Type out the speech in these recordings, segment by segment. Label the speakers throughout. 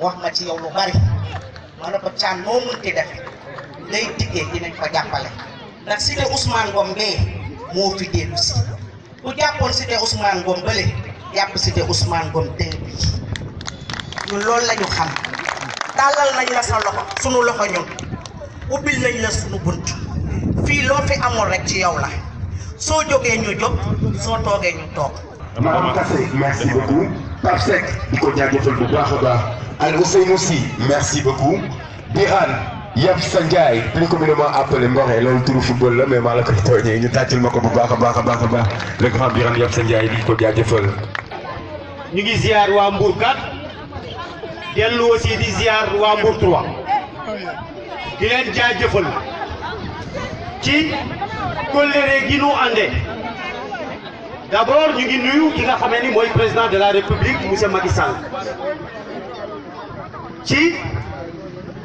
Speaker 1: wax na ci yow lu bari ma ne ko caan moo mënti def lay diggee dinañ ko jàppale ndax si te Ousmane Ngom bee moo fi dellu si ku jàppoon si te Ousmane Ngom bële jàpp si te Ousmane Ngom tey bii ñun loolu la ñu xam tàllal nañ la sa loxo sunu loxo ñun ubbil nañ la sunu bunt fii loo fi amul rek ci yow la soo jógee ñu jóg soo toogee ñu toog.
Speaker 2: Madame Kassé merci beaucoup Pape Seck di ko jaajëfal bu baax a al si Sy merci beaucoup Birane sa Ndiaye plus communément appelé Mboré loolu turu football la mais maa la koy tooñee ñu tàccul ma ko bu baax a baax a baax a baax le grand Birane Yapsa Ndiaye di ko jaajëfal.
Speaker 1: ñu ngi ziar waa Mbour 4 dellu aussi di ziar waa Mbour 3 di leen jaajëfal ci kóllëre gi nu àndee d' abord ñu ngi la ci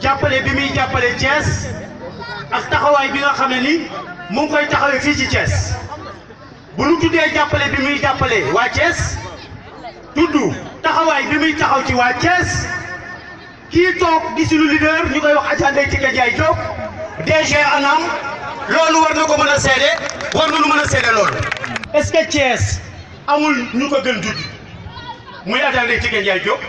Speaker 1: jàppale bi muy jàppale Thiès ak taxawaay bi nga xam ne ni mu ngi koy taxawee fii ci Thiès bu nu tuddee jàppale bi muy jàppale waa Thiès tudd taxawaay bi muy taxaw ci waa Thiès kii toog di suñu ñu koy wax Adja Ndeye Tické Ndiaye Diop DG ANAM loolu war na ko mën a seede war nañu mën a seede loolu est-ce amul ñu ko gën tudd muy Adja Ndeye Tické Ndiaye Diop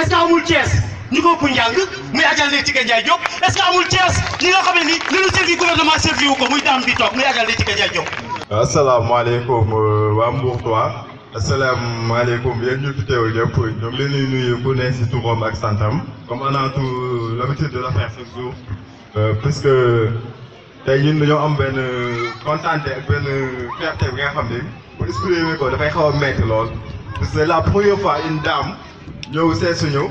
Speaker 1: est amul Thiès ñu ko ëpp njàng muy Adja Ndeye Ndiaye Diop est-ce que amul Thiès ñi nga xam ne ni li ñu servi gouvernement servi wu ko muy daam bi toog muy Adja Ndeye Ndiaye Diop.
Speaker 2: asalaamaaleykum euh, waa Mbour 3 asalaamaaleykum yéen ñu fi teewul ñëpp ñoom la ñuy nuyu ku ne si turam ak santam comme on a tout l'habitude de le faire chaque jour euh, puisque tey ñun dañoo am benn contenté ak benn fierté bi nga xam ne pour exprimer ko dafay xaw a métti lool parce que la première fois une dame ñëw seet su ñëw.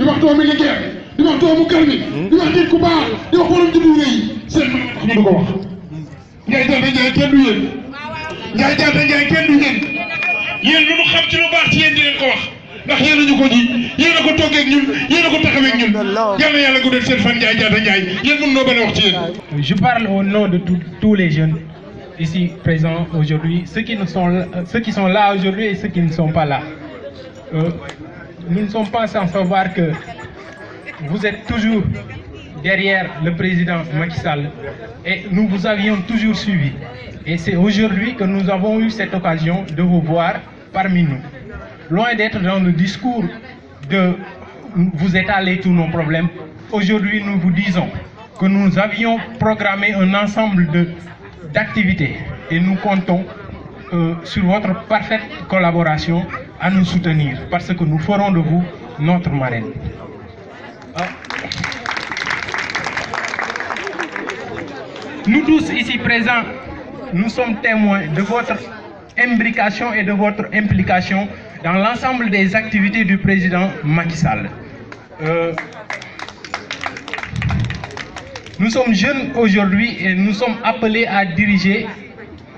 Speaker 3: di wax doomi liggéey di wax doomu kër mi di wax nit ku baax di wax borom juddu rëy seen mën tax ko wax Ndiaye Diatta Ndiaye kenn du yéen Ndiaye Diatta Ndiaye kenn du yéen yéen lu mu xam ci lu baax ci yéen di leen ko wax ndax yéen a ñu ko ji
Speaker 4: yéen a ko toggee ak ñun yéen a ko taxawee ak ñun yàlla yàlla guddal seen fan Ndiaye Diatta Ndiaye yéen mën noo bañ wax ci yéen. Je parle au nom de tous tous les jeunes ici présents aujourd'hui ceux qui ne sont ceux qui sont là aujourd'hui et ceux qui ne sont pas là. Euh, nous ne sommes pas sans savoir que vous êtes toujours derrière le président Macky Sall et nous vous avions toujours suivi. Et c'est aujourd'hui que nous avons eu cette occasion de vous voir parmi nous. Loin d'être dans le discours de vous étaler tous nos problèmes, aujourd'hui nous vous disons que nous avions programmé un ensemble d'activités et nous comptons euh, sur votre parfaite collaboration à nous soutenir parce que nous ferons de vous notre marraine. Ah. Nous tous ici présents, nous sommes témoins de votre imbrication et de votre implication dans l'ensemble des activités du président Macky Sall. Euh, nous sommes jeunes aujourd'hui et nous sommes appelés à diriger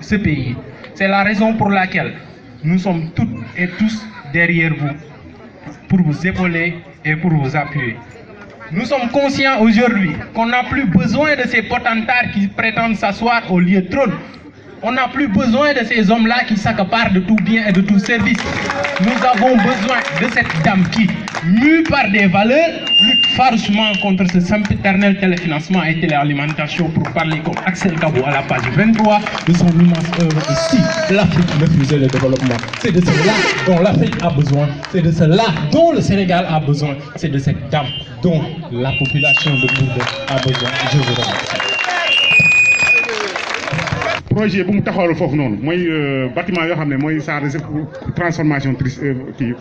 Speaker 4: ce pays. C'est la raison pour laquelle nous sommes toutes et tous derrière vous pour vous épauler et pour vous appuyer. Nous sommes conscients aujourd'hui qu'on n'a plus besoin de ces potentats qui prétendent s'asseoir au lieu de trône on n'a plus besoin de ces hommes-là qui s'accaparent de tout bien et de tout service. Nous avons besoin de cette dame qui, mue par des valeurs, lutte farouchement contre ce sempiternel téléfinancement et téléalimentation pour parler comme Axel Gabo à la page 23 de son immense œuvre ici. L'Afrique refusait le développement. C'est de cela dont l'Afrique a besoin. C'est de cela dont le Sénégal a besoin. C'est de cette dame dont la population de monde a besoin. Je vous remercie
Speaker 5: projet bu mu taxawal foofu noonu euh, bâtiment yoo xam ne sa transformation tri euh, kii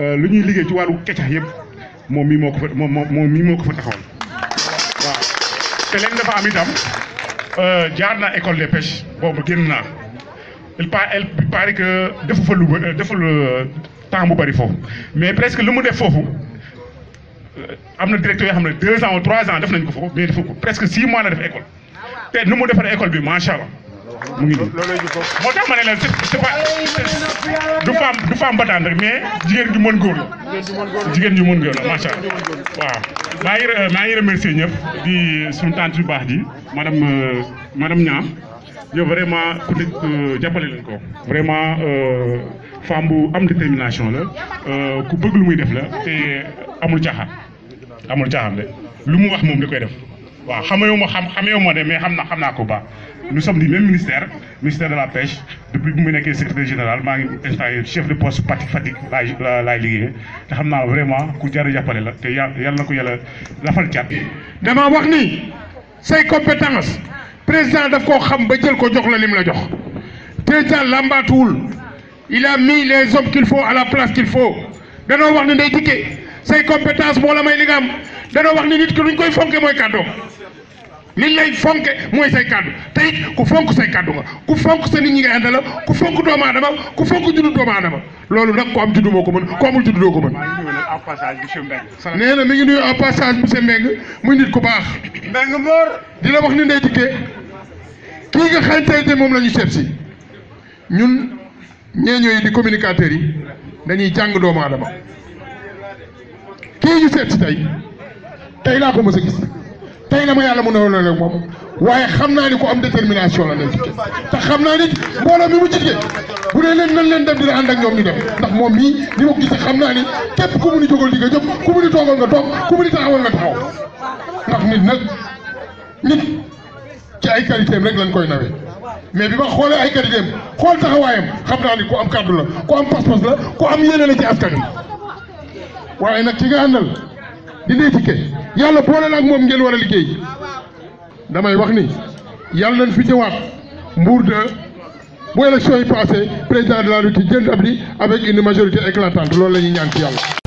Speaker 5: euh, lu ñuy ci fa dafa école des pêches il que temps bu mais presque lu mu def directeur deux ans ou trois ans def nañ ko mais presque six mois la def école ah, te nu mu mu ngi nii moo tax ma ne leen c'est pas du femme du femme battante rek mais jigéen ju mën góor la jigéen ju mën macha
Speaker 3: allah
Speaker 5: waaw maa ngi maa remercier ñëpp di suñu tante yu baax ji madame euh, madame Niang yow vraiment ku nekk euh, jàppale leen ko vraiment euh, femme bu am détermination la ku bëgg lu muy def la te amul caaxaan amul caaxaan de lu mu wax moom da koy def waaw xamewu xam xamewu ma mais xam na ko baax nous sommes du même ministère ministère de la pêche depuis que mu nekkee secrétaire général maa ngi chef de poste parti Fatick la Ligue. liggéeyee te xam naa vraiment ku jar a jàppale la te yàlla na ko yàlla lafal cat. dama wax ni
Speaker 3: say compétences, président daf koo xam ba jël ko jox la lim la jox il a mis les hommes qu'il faut à la place qu'il faut danoo wax ni day ces compétences compétence moo la may li nga am danoo wax ni nit ki luñ koy fonke mooy cadeau. liñ lay fonke mooy say kàddu te ku fonk say kàddu nga ku fonk sa nit ñi nga ànd la ku fonk doomu aadama ku fonk juddu doomu aadama loolu nag ku am juddu moo ko mën ku amul juddu doo ko mën. nee na mi ngi nuyu en passage monsieur Mbengue muy nit ku baax. Mbengue Mor. di la wax ni ndey dikkee kii nga xam tey de moom la ñu seet si ñun ñeeñoo yi di communicateurs yi dañuy jàng doomu adama kii ñu seet si tey tey laa ko mës a gis. tay la ma yàlla mën a wëloon ak mom waye xamna ni ko am détermination la nek ta xamna ni mbolo mi mu jiite bu né len nan len dem dina ànd ak ñom ñu dem ndax mom mi ni mu gis xamna ni képp ku mu ni jogol diga nga ku mu ni togal nga tok ku mu ni taxawal nga taxaw ndax nit nak nit ci ay qualité rek lañ koy nawé mais bima xolé ay qualité am xool taxawaayam xam ni ku am cadre la ku am pas-pas la ku am yéné la ci askan waye nak ci nga àndal. di déedéet yalla boole na ak moom ngeen war a liggéey damay wax ni yalla nañ fi jëwaat Mbour 2 bu élection yi passé président de la République jënd ab li avec une majorité éclatante loolu la ñuy ñaan ci yàlla.